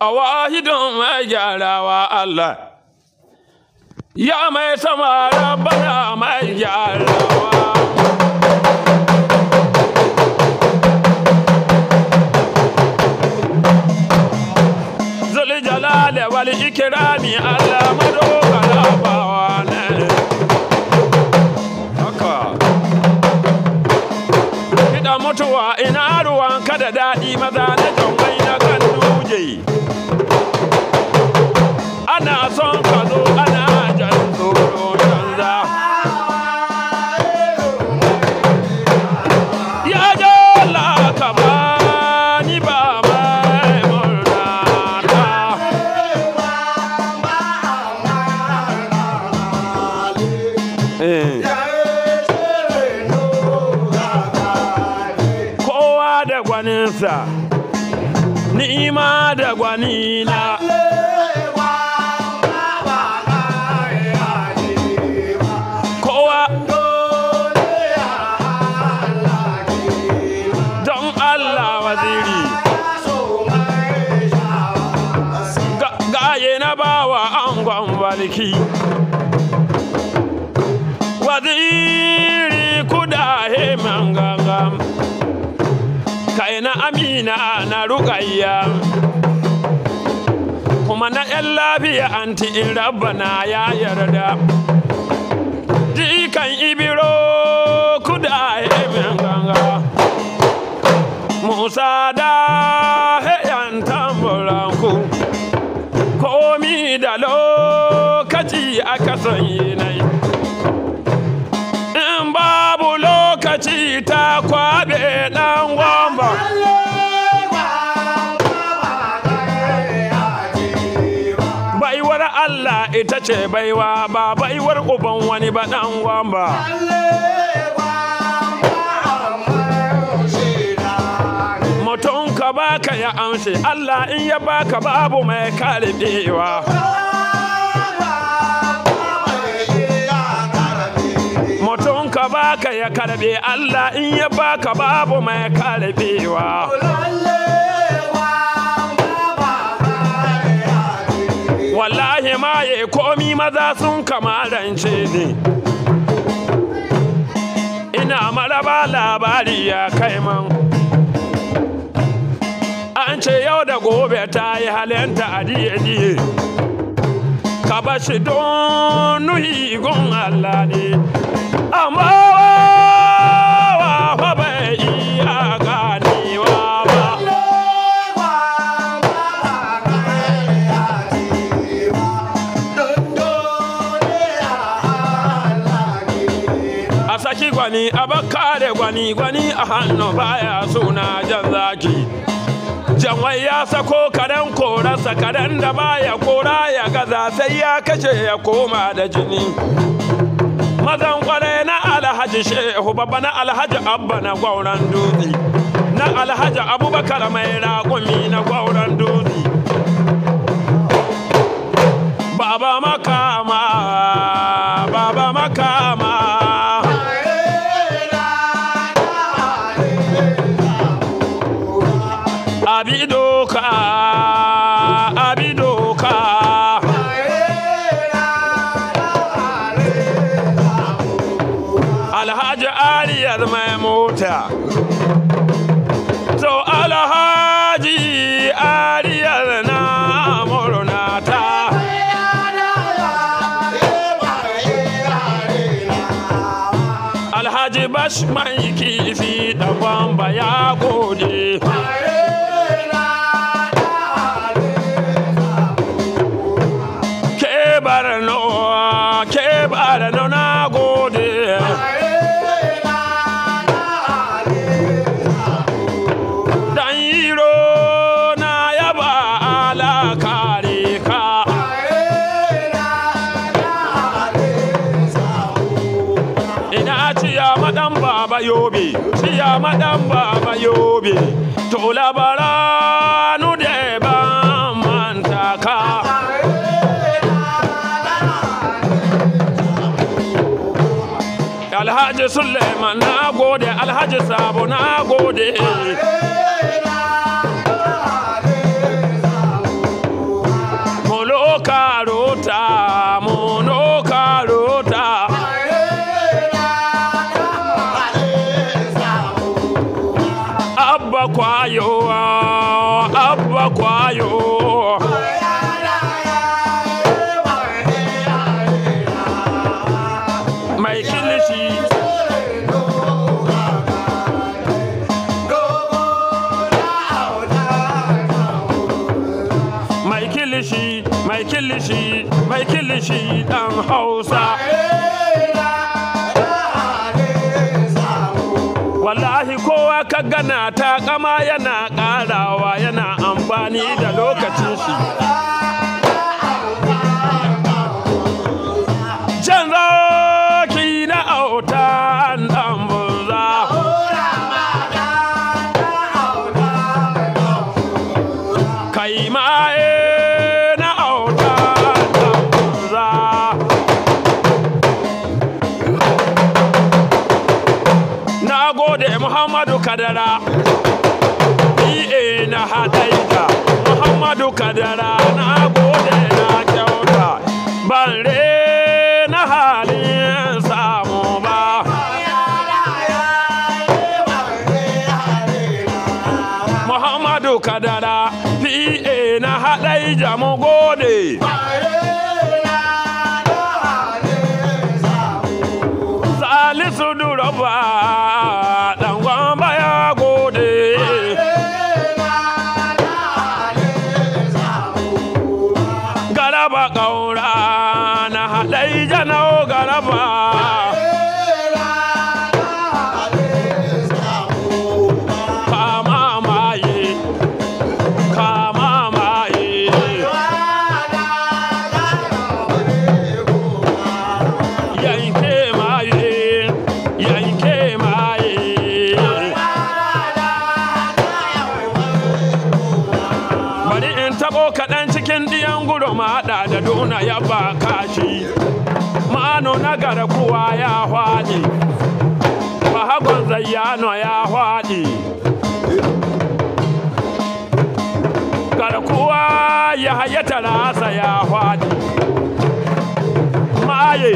a wahidun mai gyarawa Allah ya mai sama rabbana mai gyarawa الجلال ikirami Allah madu da gwaninsa ni'ima da gwanina kowa don Allah waziri gaye na bawa angon baliki waziri kudahe mangangam kai na amina na rukayya kuma na yan lafiya anti in na ya yarda jikan ibiro kuda ibin ganga musa da heyan tamburanku komi da lokaci aka sanye nai in babu lokaci ta kwabe baiwa ba baiwar uban wani ba dan ba. mutum ka baka ya amshi Allah in ya baka babu mai karbewa mutum ka baka ya karbe Allah in ya baka babu mai karbewa ne maye komi maza sun kamarance ne ina maraba labari ya kai ma an ce yau da gobe ta yi halenta a diye-diye ka bashi don nuhi gun Allah ne gwani abakare gwani gwani a hannu baya suna jan zaki janwai ya sako karen korarsa karen da baya kora ya gaza sai ya kashe ya koma da jini mazan kwarai na alhaji shehu babba na alhaji abba na gwauran dutse na alhaji abubakar mai raƙumi na gwauran dutse motar mai mota to alhaji ariyar na murna ta alhaji bash mai kifi da bamba ya gode siya madan baba yobe to labara nu ka Alhaji Suleiman na gode, Alhaji Sabo na gode. Molo karo shi dan hausa wallahi kowa ka gana ta kama yana karawa yana amfani da lokacin shi jan zaki na auta dan buza kai ma Muhammadu Kadara Ie na haɗaita Muhammadu Kadara na gode na kyauta ban na halin samu ba Muhammadu Kadara ni e na hali mu gode Salisu Duraba taɓo kaɗan cikin ɗiyan gudu mahaɗa da duna ya ba kashi ma'ano na gara kuwa ya hwaɗi bahagon zayyano ya hwaɗi garkuwa ya hayyata rasa ya hwaɗi Maye.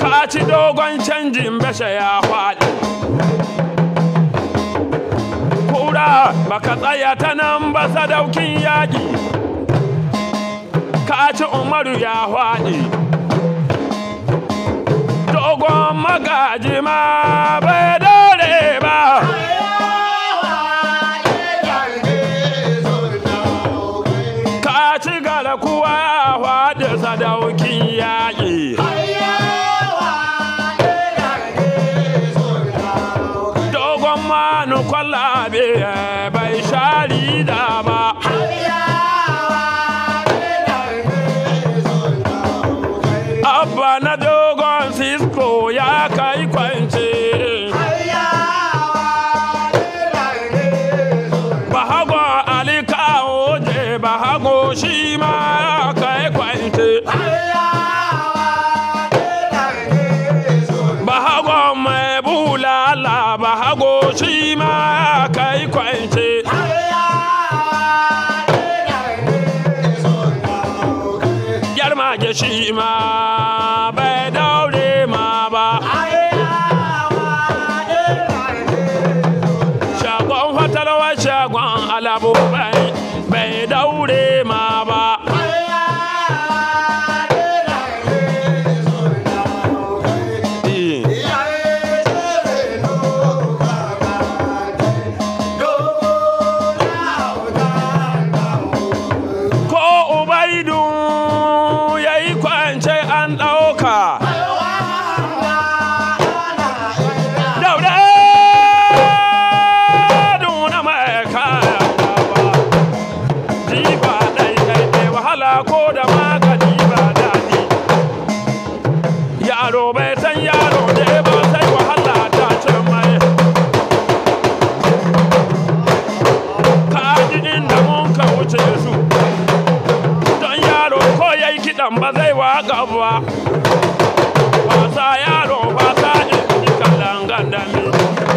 ka ci dogon canjin basha ya hwaɗi tura baka tsaya ta nan ba sadaukin yaƙi ka ci umaru ya haɗe dogon magajima ma nukwalla eh, bai shari da ba. mage shi ma kan ba zai waka ba. Wasa yaro fasa in ji kalangan da